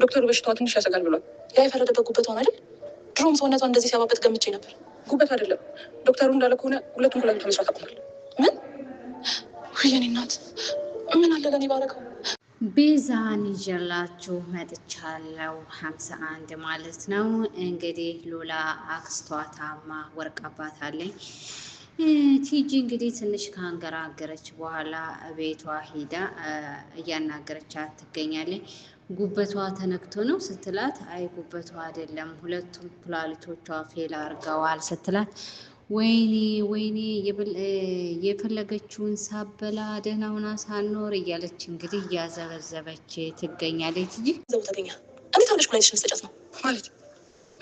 ዶክተሩ በሽታዋ ትንሽ ያሰጋል ብሏል። ያ የፈረደበት ጉበት ሆነ አይደል? ድሮም ሰውነቷ እንደዚህ ሲያባበት ገምቼ ነበር። ጉበት አይደለም ዶክተሩ እንዳለ ከሆነ ሁለቱም ኩላሊት መስራት አቁሟል። ምን የኔ እናት ምን አለ ለኔ ባረከው ቤዛን ይዤላችሁ መጥቻለሁ። ሀምሳ አንድ ማለት ነው እንግዲህ ሉላ አክስቷ ታማ ወርቃባታለኝ። ቲጂ እንግዲህ ትንሽ ከአንገራገረች በኋላ ቤቷ ሂዳ እያናገረቻት ትገኛለች። ጉበቷ ተነክቶ ነው ስትላት፣ አይ ጉበቷ አይደለም ሁለቱም ኩላሊቶቿ ፌል አድርገዋል ስትላት፣ ወይኔ ወይኔ የፈለገችውን ሳበላ ደህና ሁና ሳኖር እያለች እንግዲህ እያዘበዘበች ትገኛለች። እንጂ ዘው ተገኛ እንዴት አለሽ ኩላሊትሽን ስጨት ነው ማለት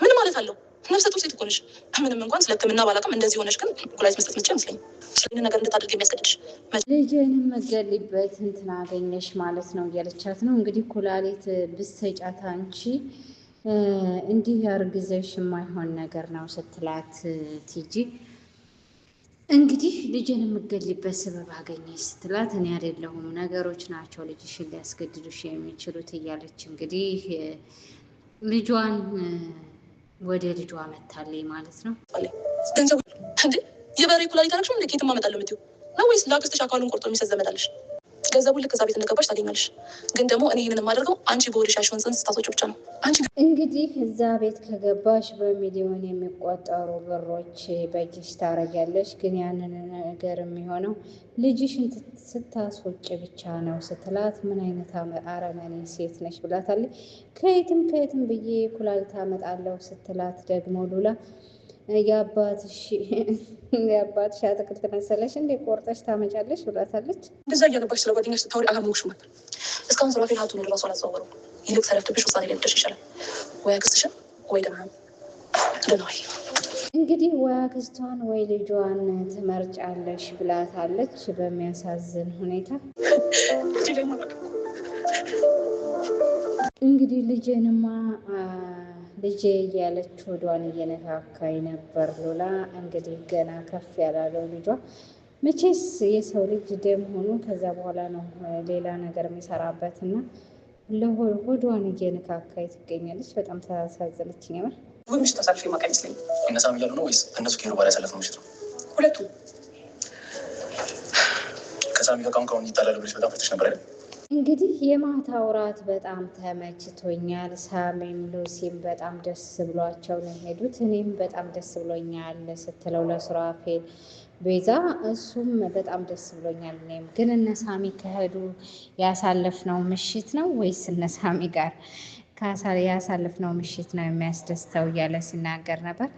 ምን ማለት አለው? ነፍሰ ጡር ሴት እኮ ነሽ። ምንም እንኳን ስለ ሕክምና ባላቅም እንደዚህ ሆነሽ ግን ኩላሊት መስጠት ምች አይመስለኝ ስለዚህ ነገር እንድታደርግ የሚያስገድድሽ ልጅንም መገልበት እንትን አገኘሽ ማለት ነው እያለቻት ነው እንግዲህ ኩላሊት ብትሰጫት አንቺ እንዲህ ያርግዘሽ የማይሆን ነገር ነው ስትላት ቲጂ እንግዲህ ልጅን የምገልበት ስበብ አገኘሽ ስትላት እኔ አይደለሁም ነገሮች ናቸው ልጅሽን ሊያስገድዱሽ የሚችሉት እያለች እንግዲህ ልጇን ወደ ልጇ መታለይ ማለት ነው። ገንዘቡ የበሬ ኩላሊት ናቸው እንደ ከየትም አመጣለሁ ምትው ነው ወይስ ላክስትሽ አካሉን ቆርጦ የሚሰዘመዳለሽ ገንዘቡ ልክ እዛ ቤት እንደገባች ታገኛለሽ። ግን ደግሞ እኔ ይህንን የማደርገው አንቺ በወደሽ ያልሽውን ጽንስ ስታስወጪ ብቻ ነው። አንቺ እንግዲህ እዛ ቤት ከገባሽ በሚሊዮን የሚቆጠሩ ብሮች በኪሽ ታረጊያለሽ። ግን ያንን ነገር የሚሆነው ልጅሽን ስታስወጭ ብቻ ነው ስትላት ምን አይነት አረመኔ ሴት ነች ብላታለች። ከየትም ከየትም ብዬ ኩላሊት አመጣለሁ ስትላት ደግሞ ሉላ የአባትሽ አትክልት መሰለሽ እንዴ ቆርጠሽ ታመጫለሽ ብላታለች። እንደዛ እያገባሽ ስለ ጓደኛሽ ስታወሪ አላመንኩሽም ነበር። እስካሁን ሀቱ ሀቱን ራሱ አላዘዋወረው። ይልቅ ሰለፍትብሽ ውሳኔ ላይ ልደርሽ ይሻላል። ወይ አክስትሽን ወይ ደግሞ ደናዋይ እንግዲህ ወይ አክስቷን ወይ ልጇን ትመርጫለሽ ብላታለች። በሚያሳዝን ሁኔታ እንግዲህ ልጄንማ ልጄ እያለች ወዷን እየነካካኝ ነበር ሉላ። እንግዲህ ገና ከፍ ያላለው ልጇ መቼስ የሰው ልጅ ደም ሆኖ ከዛ በኋላ ነው ሌላ ነገር የሚሰራበት እና ለሆዷን እየነካካኝ ትገኛለች። በጣም ተሳዘነች። ኛ ምሽት አሳልፌ ማቃይስለኝ እነሳም እያሉ ነው ወይስ እነሱ ከሄዱ በኋላ ያሳለፍነው ምሽት ነው? ሁለቱ ከሳሚ ከቃሁን ከሁን ይጣላሉ ብለሽ በጣም ፈትሽ ነበር አይደል? እንግዲህ የማታ ውራት በጣም ተመችቶኛል። ሳሜም ሉሲም በጣም ደስ ብሏቸው ነው የሄዱት። እኔም በጣም ደስ ብሎኛል ስትለው ለሱራፌል ቤዛ እሱም በጣም ደስ ብሎኛል። እኔም ግን እነ ሳሚ ከሄዱ ያሳለፍነው ምሽት ነው ወይስ እነ ሳሚ ጋር ያሳለፍነው ምሽት ነው የሚያስደስተው እያለ ሲናገር ነበር።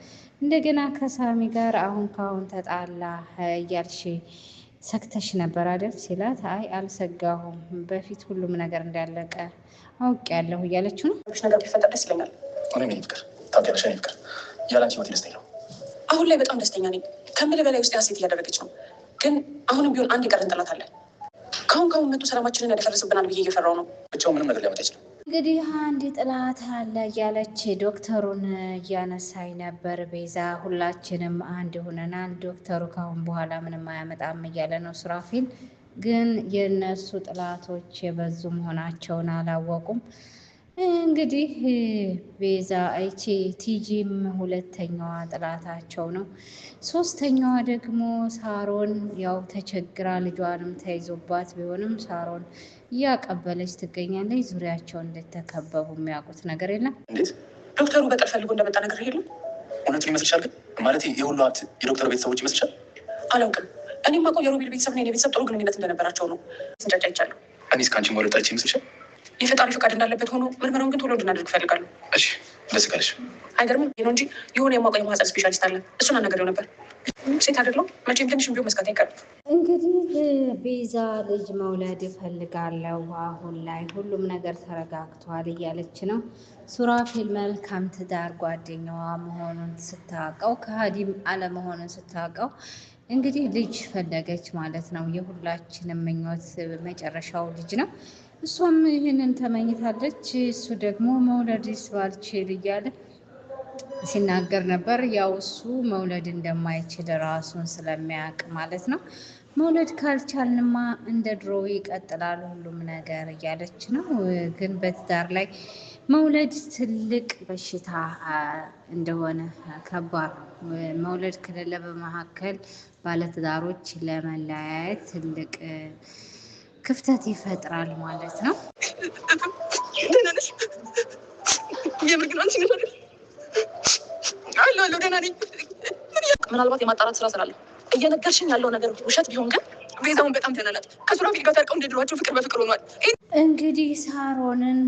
እንደገና ከሳሚ ጋር አሁን ከአሁን ተጣላ እያልሽ ሰግተሽ ነበር አይደል ሲላት፣ አይ አልሰጋሁም፣ በፊት ሁሉም ነገር እንዳለቀ አውቅ ያለሁ እያለችው ነው። ነገር ቢፈጠር ደስ ይለኛል። እኔ ፍቅር ታውቂያለሽ፣ እኔ ፍቅር ያለ አንቺ ህይወት ደስተኛ ነው። አሁን ላይ በጣም ደስተኛ ነኝ ከምል በላይ ውስጥ ሴት እያደረገች ነው። ግን አሁንም ቢሆን አንድ የቀረን ጠላት አለ። ካሁን ካሁን መጡ ሰላማችንን ያደፈርስብናል ብዬ እየፈራው ነው። ብቻው ምንም ነገር ሊያመጣ ይችላል እንግዲህ አንድ ጥላት አለ እያለች ዶክተሩን እያነሳኝ ነበር ቤዛ። ሁላችንም አንድ ሆነናል። ዶክተሩ ካሁን በኋላ ምንም አያመጣም እያለ ነው ሱራፊል። ግን የእነሱ ጥላቶች የበዙ መሆናቸውን አላወቁም። እንግዲህ ቤዛ አይቺ ቲጂም ሁለተኛዋ ጥላታቸው ነው። ሶስተኛዋ ደግሞ ሳሮን ያው ተቸግራ ልጇንም ተይዞባት ቢሆንም ሳሮን እያቀበለች ትገኛለች። ዙሪያቸው እንደተከበቡ የሚያውቁት ነገር የለም። ዶክተሩ በቀል ፈልጎ እንደመጣ ነገር የለም። እውነቱን ይመስልሻል? ግን ማለት የሁሉ ሀብት የዶክተር ቤተሰቦች ይመስልሻል? አላውቅም። እኔም አውቀው የሮቤል ቤተሰብ ነው። የቤተሰብ ጥሩ ግንኙነት እንደነበራቸው ነው ስንጫጫ ይቻለሁ። እኔስ ከአንቺ መረጣች ይመስልሻል? የፈጣሪ ፈቃድ እንዳለበት ሆኖ ምርመራውን ግን ቶሎ እንድናደርግ እፈልጋለሁ። እሺ ደስ ካለሽ። አይገርም ነው እንጂ የሆነ የማውቀው የማህፀን ስፔሻሊስት አለ። እሱን አናገሬው ነበር። ሴት አይደለሁም መቼም ትንሽ ቢሆን መስጋት አይቀርም። እንግዲህ ቤዛ ልጅ መውለድ እፈልጋለሁ፣ አሁን ላይ ሁሉም ነገር ተረጋግቷል እያለች ነው። ሱራፌል መልካም ትዳር ጓደኛዋ መሆኑን ስታውቀው፣ ከሀዲም አለመሆኑን ስታውቀው እንግዲህ ልጅ ፈለገች ማለት ነው። የሁላችንም ምኞት መጨረሻው ልጅ ነው። እሷም ይህንን ተመኝታለች። እሱ ደግሞ መውለድ ስባልችል እያለ ሲናገር ነበር። ያው እሱ መውለድ እንደማይችል ራሱን ስለሚያውቅ ማለት ነው። መውለድ ካልቻልንማ እንደ ድሮ ይቀጥላል ሁሉም ነገር እያለች ነው። ግን በትዳር ላይ መውለድ ትልቅ በሽታ እንደሆነ ከባድ መውለድ ከሌለ በመካከል ባለትዳሮች ለመለያየት ትልቅ ክፍተት ይፈጥራል ማለት ነው። ምናልባት የማጣራት ስራ ስላለ እየነገርሽኝ ያለው ነገር ውሸት ቢሆን ግን ቤዛውን በጣም ተናናት። ከሱራፌል ጋር ታርቀው እንደ ድሯቸው ፍቅር በፍቅር ሆኗል። እንግዲህ ሳሮንን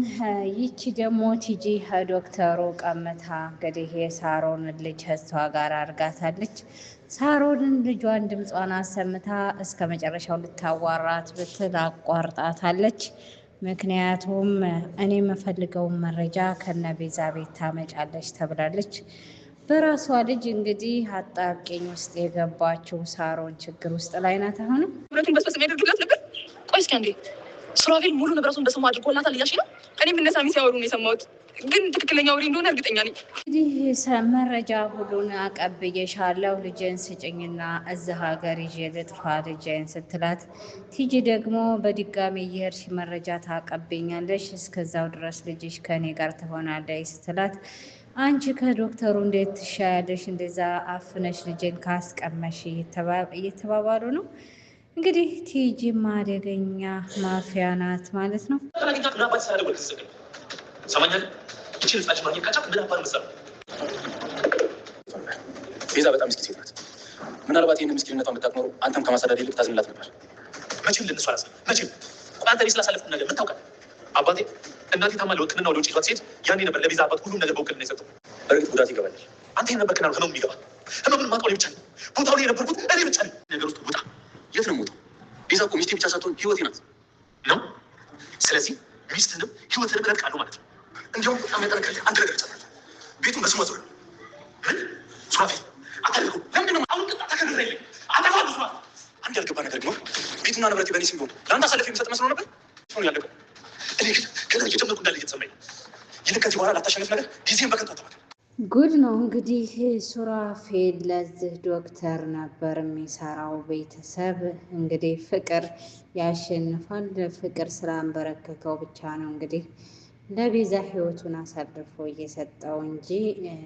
ይቺ ደግሞ ቲጂ ዶክተሩ ቀምታ እንግዲህ የሳሮንን ልጅ ህሷ ጋር አድርጋታለች። ሳሮንን ልጇን ድምጿን አሰምታ እስከ መጨረሻው ልታዋራት ብትል አቋርጣታለች። ምክንያቱም እኔ የምፈልገውን መረጃ ከነ ቤዛ ቤት ታመጫለች ተብላለች። በራሷ ልጅ እንግዲህ አጣብቂኝ ውስጥ የገባችው ሳሮን ችግር ውስጥ ላይ ናት። አሁንም ሁለቱም በስበስ የሚያደርግላት ነበር። ቆይ እስኪ አንዴ ሱራፌል ሙሉ ንብረቱን በስሙ አድርጎላታል እያልሽ ነው? እኔም እነ ሳሚ ሲያወሩ ነው የሰማሁት፣ ግን ትክክለኛ ወሬ እንደሆነ እርግጠኛ ነኝ። እንግዲህ መረጃ ሁሉን አቀብዬሻለሁ፣ ልጄን ስጭኝና እዚህ ሀገር ይዤ ልጥፋ ልጄን ስትላት፣ ቲጂ ደግሞ በድጋሚ እየሄድሽ መረጃ ታቀብኛለሽ፣ እስከዛው ድረስ ልጅሽ ከኔ ጋር ትሆናለች ስትላት አንቺ ከዶክተሩ እንዴት ትሻያለሽ? እንደዛ አፍነሽ ልጄን ካስቀመሽ እየተባባሉ ነው እንግዲህ። ቲጂ አደገኛ ማፊያ ናት ማለት ነው። ቤዛ በጣም ምስኪን ሴት ናት። ምናልባት ይህን ምስኪንነቷን ብታውቅ አንተም ከማሳዳድ ይልቅ ታዝንላት ነበር። መቼም ልንሷ መቼም ቆይ አንተ እኔ ስላሳለፍኩት ነገር ምን ታውቃለህ አባቴ ከእናቴ ታማ ለውክልና ወደ ውጭ ይዟት ሴት ያኔ ነበር ለቤዛ አባት ሁሉም ነገር በውክልና የሰጠው። በእርግጥ ጉዳት ይገባኛል። አንተ የነበርክና ከናሉ ህመሙ የሚገባ። ህመሙን ማውቀው እኔ ብቻ ነው። ቦታው ላይ የነበርኩት እኔ ብቻ ነኝ። ነገር ውስጥ ውጣ። የት ነው የምወጣው? ቤዛ እኮ ሚስቴ ብቻ ሳትሆን ህይወቴ ናት ነው። ስለዚህ ሚስትንም ህይወትንም እነጥቃለሁ ማለት ነው። እንዲያውም በጣም ያጠነክራል። አንድ ነገር ይቻላል። ቤቱን በስሟ ዞር ምን ሱራፌ አታደርገው። ለምንድነው አሁን ቅጣ ተከረ ይለኝ አጠፋሉ ሱራፌ አንድ ያልገባ ነገር ቢኖር ቤቱና ንብረት በእኔ ስም ቢሆን ለአንተ አሳልፌ የሚሰጥ መስሎ ነበር። እሱን ያለቀው እኔ ግን እየጨመርኩ እንዳለ እየተሰማኝ ነው። ይልቅ ከዚህ በኋላ ላታሸንፍ ነገር ጊዜም ጉድ ነው እንግዲህ ሱራፌል ለዚህ ዶክተር ነበር የሚሰራው። ቤተሰብ እንግዲህ ፍቅር ያሸንፋል። ፍቅር ስላንበረከከው ብቻ ነው እንግዲህ ለቤዛ ህይወቱን አሳልፎ እየሰጠው እንጂ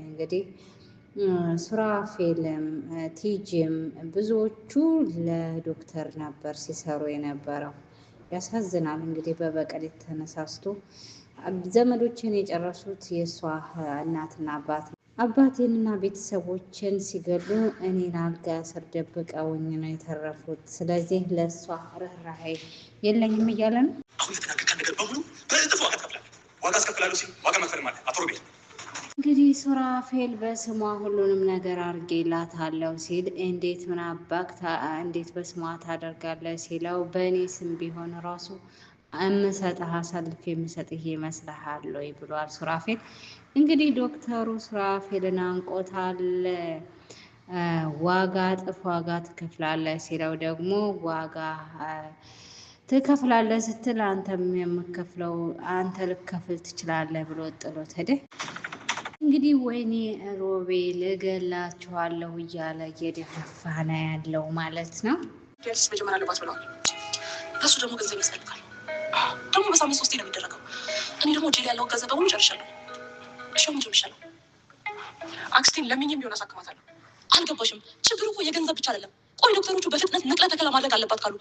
እንግዲህ ሱራፌልም ቲጂም ብዙዎቹ ለዶክተር ነበር ሲሰሩ የነበረው። ያሳዝናል። እንግዲህ በበቀል ተነሳስቶ ዘመዶችን የጨረሱት የእሷ እናትና አባት አባቴንና ቤተሰቦችን ሲገሉ እኔን አልጋ ስር ደብቀውኝ ነው የተረፉት። ስለዚህ ለእሷ ርኅራኄ የለኝም እያለ ነው። እንግዲህ ሱራፌል በስሟ ሁሉንም ነገር አድርጌላታለሁ ሲል እንዴት ምናባክ እንዴት በስሟ ታደርጋለህ ሲለው በእኔ ስም ቢሆን ራሱ እምሰጥህ አሳልፌ የምሰጥህ ይመስልሃል ወይ ብሏል ሱራፌል። እንግዲህ ዶክተሩ ሱራፌልን አንቆታል። ዋጋ ጥፍ ዋጋ ትከፍላለህ ሲለው ደግሞ ዋጋ ትከፍላለህ ስትል አንተም የምከፍለው አንተ ልከፍል ትችላለህ ብሎ ጥሎት ሄደ። እንግዲህ ወይኔ ሮቤ ልገላችኋለሁ እያለ እየደፋፋ ነው ያለው ማለት ነው። ስ መጀመሪያ አለባት ብለዋል። ከሱ ደግሞ ገንዘብ ያስፈልጋል። ደግሞ በሳምንት ሶስቴ ነው የሚደረገው። እኔ ደግሞ እጄ ያለው ገንዘብ በሙሉ ጨርሻለሁ። ሸምጆ ይሻለሁ። አክስቴን ለምኝም ቢሆን አሳክማታለሁ። አልገባሽም? ችግሩ እኮ የገንዘብ ብቻ አይደለም። ቆይ ዶክተሮቹ በፍጥነት ነቅለ ተከላ ማድረግ አለባት ካሉ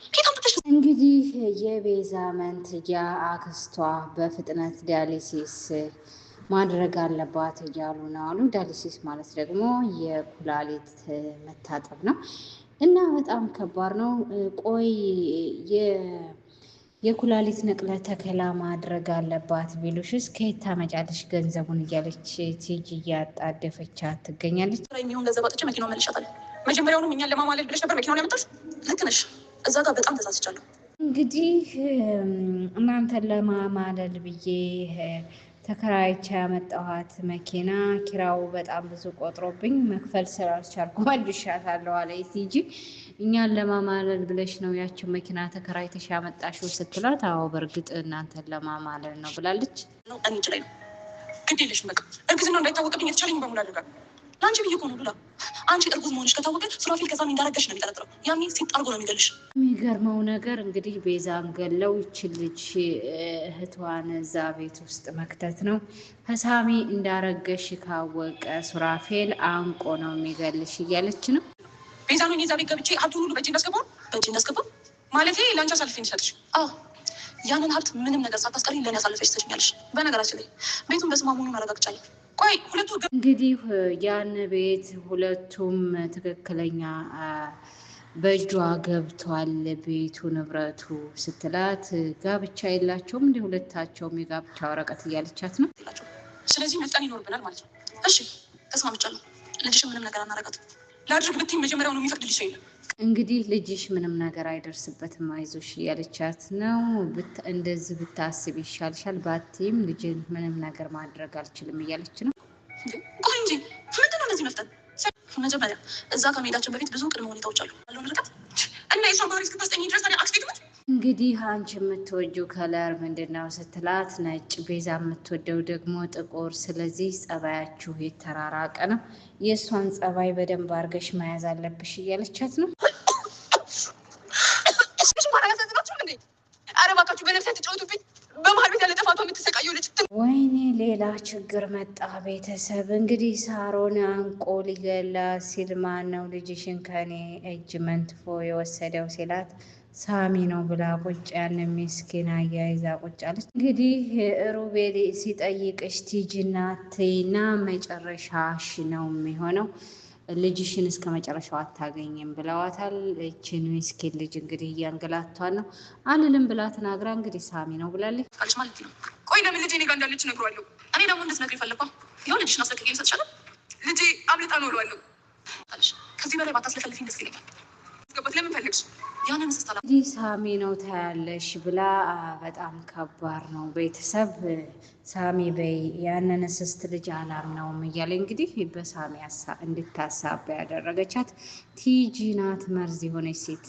እንግዲህ የቤዛ መንትያ አክስቷ በፍጥነት ዲያሊሲስ ማድረግ አለባት እያሉ ነው አሉ። ዳሊሲስ ማለት ደግሞ የኩላሊት መታጠብ ነው እና በጣም ከባድ ነው። ቆይ የኩላሊት ነቅለ ተከላ ማድረግ አለባት ቢሉሽስ ከየት ታመጫለሽ ገንዘቡን እያለች ትጅ እያጣደፈቻ ትገኛለች። የሚሆን ገንዘብ አጥቼ መኪናውን መልሻታል። መጀመሪያውኑ እኛን ለማማለል ብለሽ ነበር መኪናውን ያመጣሽ። ልክ ነሽ፣ እዛ ጋር በጣም ተሳስቻለሁ። እንግዲህ እናንተን ለማማለል ብዬ ተከራይቻ ያመጣኋት መኪና ኪራው በጣም ብዙ ቆጥሮብኝ መክፈል ስላልቻልኩ መልሻታለሁ አለኝ። ቲጂ እኛን ለማማለል ብለሽ ነው ያችን መኪና ተከራይተሽ ያመጣሽው ስትላት፣ አዎ በእርግጥ እናንተን ለማማለል ነው ብላለች። ነው የለሽም በቃ እርግዝና እንዳይታወቅብኝ የተቻለኝ በሙሉ አድርጋለሁ ለአንቺ ብዬሽ እኮ ነው አንቺ እርጉዝ መሆንሽ ከታወቀ ሱራፊል ከዛ እንዳረገሽ ነው የሚጠረጥረው። ያም ሲጥ አርጎ ነው የሚገልሽ። የሚገርመው ነገር እንግዲህ ቤዛን ገለው ይች ልጅ እህቷን እዛ ቤት ውስጥ መክተት ነው። ከሳሚ እንዳረገሽ ካወቀ ሱራፌል አንቆ ነው የሚገልሽ እያለች ነው ቤዛ ነው የዛ ቤት ገብቼ ሀብቱን ሁሉ በእጅ እንዳስገባ በእጅ እንዳስገባ ማለት ለአንቺ አሳልፌ እንዲሰጥሽ ያንን ሀብት ምንም ነገር ሳታስቀሪ ለእኔ አሳልፈሽ ትሰጭኛለሽ። በነገራችን ላይ ቤቱን በስማ መሆኑን አረጋግጫለሁ። እንግዲህ ያን ቤት ሁለቱም ትክክለኛ በእጇ ገብቷል ቤቱ ንብረቱ ስትላት ጋብቻ የላቸውም እንዲ ሁለታቸውም የጋብቻ ወረቀት እያለቻት ነው። ስለዚህ መጣን ይኖርብናል ማለት ነው። እሺ ተስማምቻለሁ። ልጅሽ ምንም ነገር አናረቀት ለአድርግ ብትይኝ መጀመሪያው ነው የሚፈቅድልሽ የለም እንግዲህ ልጅሽ ምንም ነገር አይደርስበትም አይዞሽ እያለቻት ነው። እንደዚህ ብታስብ ይሻልሻል፣ ባትይም ልጅን ምንም ነገር ማድረግ አልችልም እያለች ነው። እንጂ ምንድን ነው እነዚህ መፍጠን? መጀመሪያ እዛ በፊት ብዙ ቅድመ ሁኔታዎች አሉ ርቀት እና ባህሪ እስክታስጠኝ ድረስ እንግዲህ አንቺ የምትወጂው ከለር ምንድን ነው ስትላት፣ ነጭ ቤዛ የምትወደው ደግሞ ጥቁር። ስለዚህ ጸባያችሁ የተራራቀ ነው። የእሷን ጸባይ በደንብ አድርገሽ መያዝ አለብሽ እያለቻት ነው። ችግር መጣ። ቤተሰብ እንግዲህ ሳሮን አንቆ ሊገላ ሲል ማን ነው ልጅሽን ከኔ እጅ መንትፎ የወሰደው ሲላት ሳሚ ነው ብላ ቁጭ ያን ምስኪን አያይዛ ቁጭ እንግዲህ ሩቤል ሲጠይቅሽ ቲጂና ትይና መጨረሻሽ ነው የሚሆነው ልጅሽን እስከ መጨረሻው አታገኝም ብለዋታል። ይችን ምስኪን ልጅ እንግዲህ እያንገላቷን ነው። አልልም ብላ ተናግራ እንግዲህ ሳሚ ነው ብላለች። አልች ማለት ነው። ቆይ ለምን ልጅ እኔ ጋ እንዳለች እነግረዋለሁ። እኔ ደግሞ እንደትነግሪው ፈለግኩ። ይኸው ልጅሽን አስለቅቄ ሰጥሻለሁ። ልጅ አምልጣ ነው እለዋለሁ። ከዚህ በላይ ባታስለፈልፊኝ ደስ ይለኛል። ገባት ለምን ፈለግሽ? እንግዲህ ሳሚ ነው ታያለሽ ብላ በጣም ከባድ ነው። ቤተሰብ ሳሚ በይ ያንን እንስስት ልጅ አላምነውም እያለ እንግዲህ በሳሚ እንድታሳባ ያደረገቻት ቲጂ ናት። መርዝ የሆነች ሴት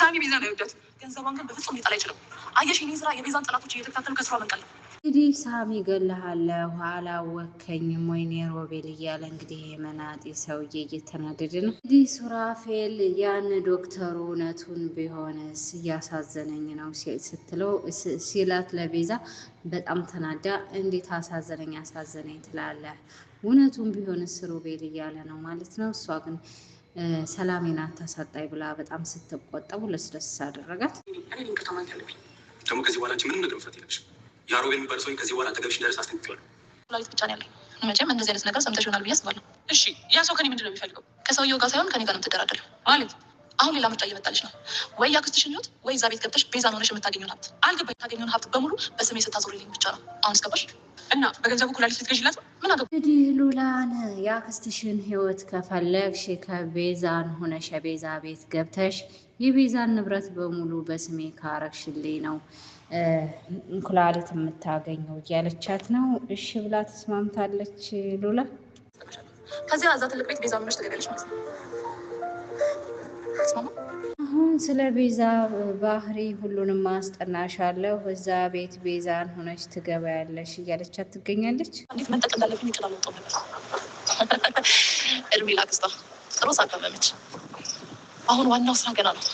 ሳሚ ቤዛ ነው ይወዳት። ገንዘቧን ግን በፍጹም ሊጣል አይችልም። አየሽ፣ የኔ ስራ የቤዛን ጠላቶች እየተከታተሉ ከስሯ መንቀል እንግዲህ ሳሚ ገለሃለሁ አላወከኝም ወይኔ ሮቤል እያለ እንግዲህ የመናጢ ሰውዬ እየተናደደ ነው። እንግዲህ ሱራፌል ያን ዶክተሩ እውነቱን ቢሆንስ እያሳዘነኝ ነው ስትለው ሲላት ለቤዛ በጣም ተናዳ እንዴት አሳዘነኝ አሳዘነኝ ትላለ እውነቱን ቢሆንስ ሮቤል እያለ ነው ማለት ነው። እሷ ግን ሰላሜን አታሳጣኝ ብላ በጣም ስትቆጠቡ ለስደስ አደረጋት። ደግሞ ከዚህ በኋላ ምንም ነገር መፍታት የለብሽም ያሮቤ የሚባል ሰው ከዚህ በኋላ አጠገብሽ እንዳይደርስ አስጠንቅቄዋለሁ። ላሊት ብቻ ነው ያለኝ። መቼም እንደዚህ አይነት ነገር ሰምተሽ ይሆናል ብዬ አስባለሁ። እሺ ያ ሰው ከኔ ምንድን ነው የሚፈልገው? ከሰውየው ጋር ሳይሆን ከኔ ጋር ነው የምትደራደረው ማለት አሁን ሌላ ምርጫ እየመጣልሽ ነው ወይ ያክስትሽን ህይወት ወይ እዛ ቤት ገብተሽ ቤዛ ሆነሽ የምታገኘውን ሀብት አልገባ የምታገኘውን ሀብት በሙሉ በስሜ ስታዞርልኝ ብቻ ነው አሁን እስገባሽ እና በገንዘቡ ኩላሊት ልትገዥላት ምን አገባ እንግዲህ ሉላን ያክስትሽን ህይወት ከፈለግሽ ከቤዛን ሆነሽ የቤዛ ቤት ገብተሽ የቤዛን ንብረት በሙሉ በስሜ ካረግሽልኝ ነው እንኩላሊት የምታገኘው እያለቻት ነው። እሺ ብላ ተስማምታለች ሉላ። ከዚያ እዛ ትልቅ ቤት ቤዛ አሁን ስለ ቤዛ ባህሪ ሁሉንም ማስጠናሻለሁ። እዛ ቤት ቤዛን ሆነች ትገባያለሽ እያለቻት ትገኛለች። እድሜ ላክስታ ጥሩ ሳቀመመች። አሁን ዋናው ስራ ገና ነው።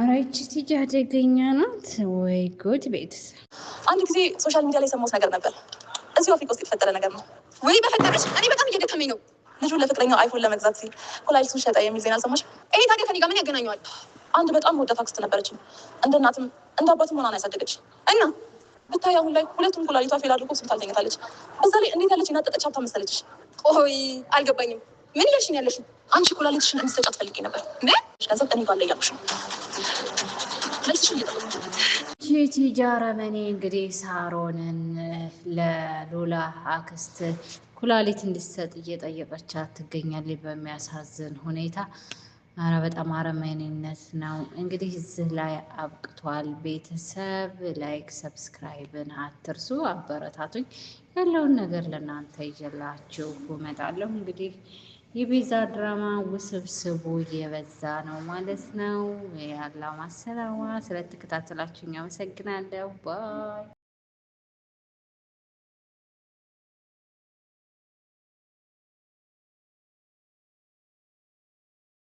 አራይቺ ትጅ አደገኛ ናት ወይ ጉድ! ቤተሰብ አንድ ጊዜ ሶሻል ሚዲያ ላይ የሰማሁት ነገር ነበር። እዚሁ አፍሪካ ውስጥ የተፈጠረ ነገር ነው ወይ በፈጠረች። እኔ በጣም እየደከመኝ ነው። ልጁ ለፍቅረኛው አይፎን ለመግዛት ሲል ኩላሊቱን ሸጠ የሚል ዜና ሰማሽ? ይሄ ታዲያ ከኔ ጋር ምን ያገናኘዋል? አንድ በጣም ወደ አክስት ነበረች። እንደ እናትም እንደ አባትም ሆና ነው ያሳደገች እና ብታይ አሁን ላይ ሁለቱም ኩላሊቷ ፌል አድርጎ ሆስፒታል ተኝታለች። እዛ ላይ እንዴት ያለች ናጠጠች ሀብታ መሰለችሽ? ቆይ አልገባኝም። ምን እያልሽኝ ያለሽ? አንቺ ኩላሊትሽን እንድትሰጪ አትፈልጊ ነበር? ምን ገንዘብ እኔ ጋር ላይ ያልኩሽ ጂጂ አረመኔ እንግዲህ ሳሮንን ለሉላ አክስት ኩላሊት እንዲሰጥ እየጠየቀቻት ትገኛለች። በሚያሳዝን ሁኔታ አረ በጣም አረመኔነት ነው። እንግዲህ እዚህ ላይ አብቅቷል። ቤተሰብ ላይክ፣ ሰብስክራይብን አትርሱ፣ አበረታቱኝ። ያለውን ነገር ለእናንተ ይዤላችሁ እመጣለሁ እንግዲህ የቤዛ ድራማ ውስብስቡ የበዛ ነው ማለት ነው። ያላማሰላዋ ስለተከታተላችሁ አመሰግናለሁ ባይ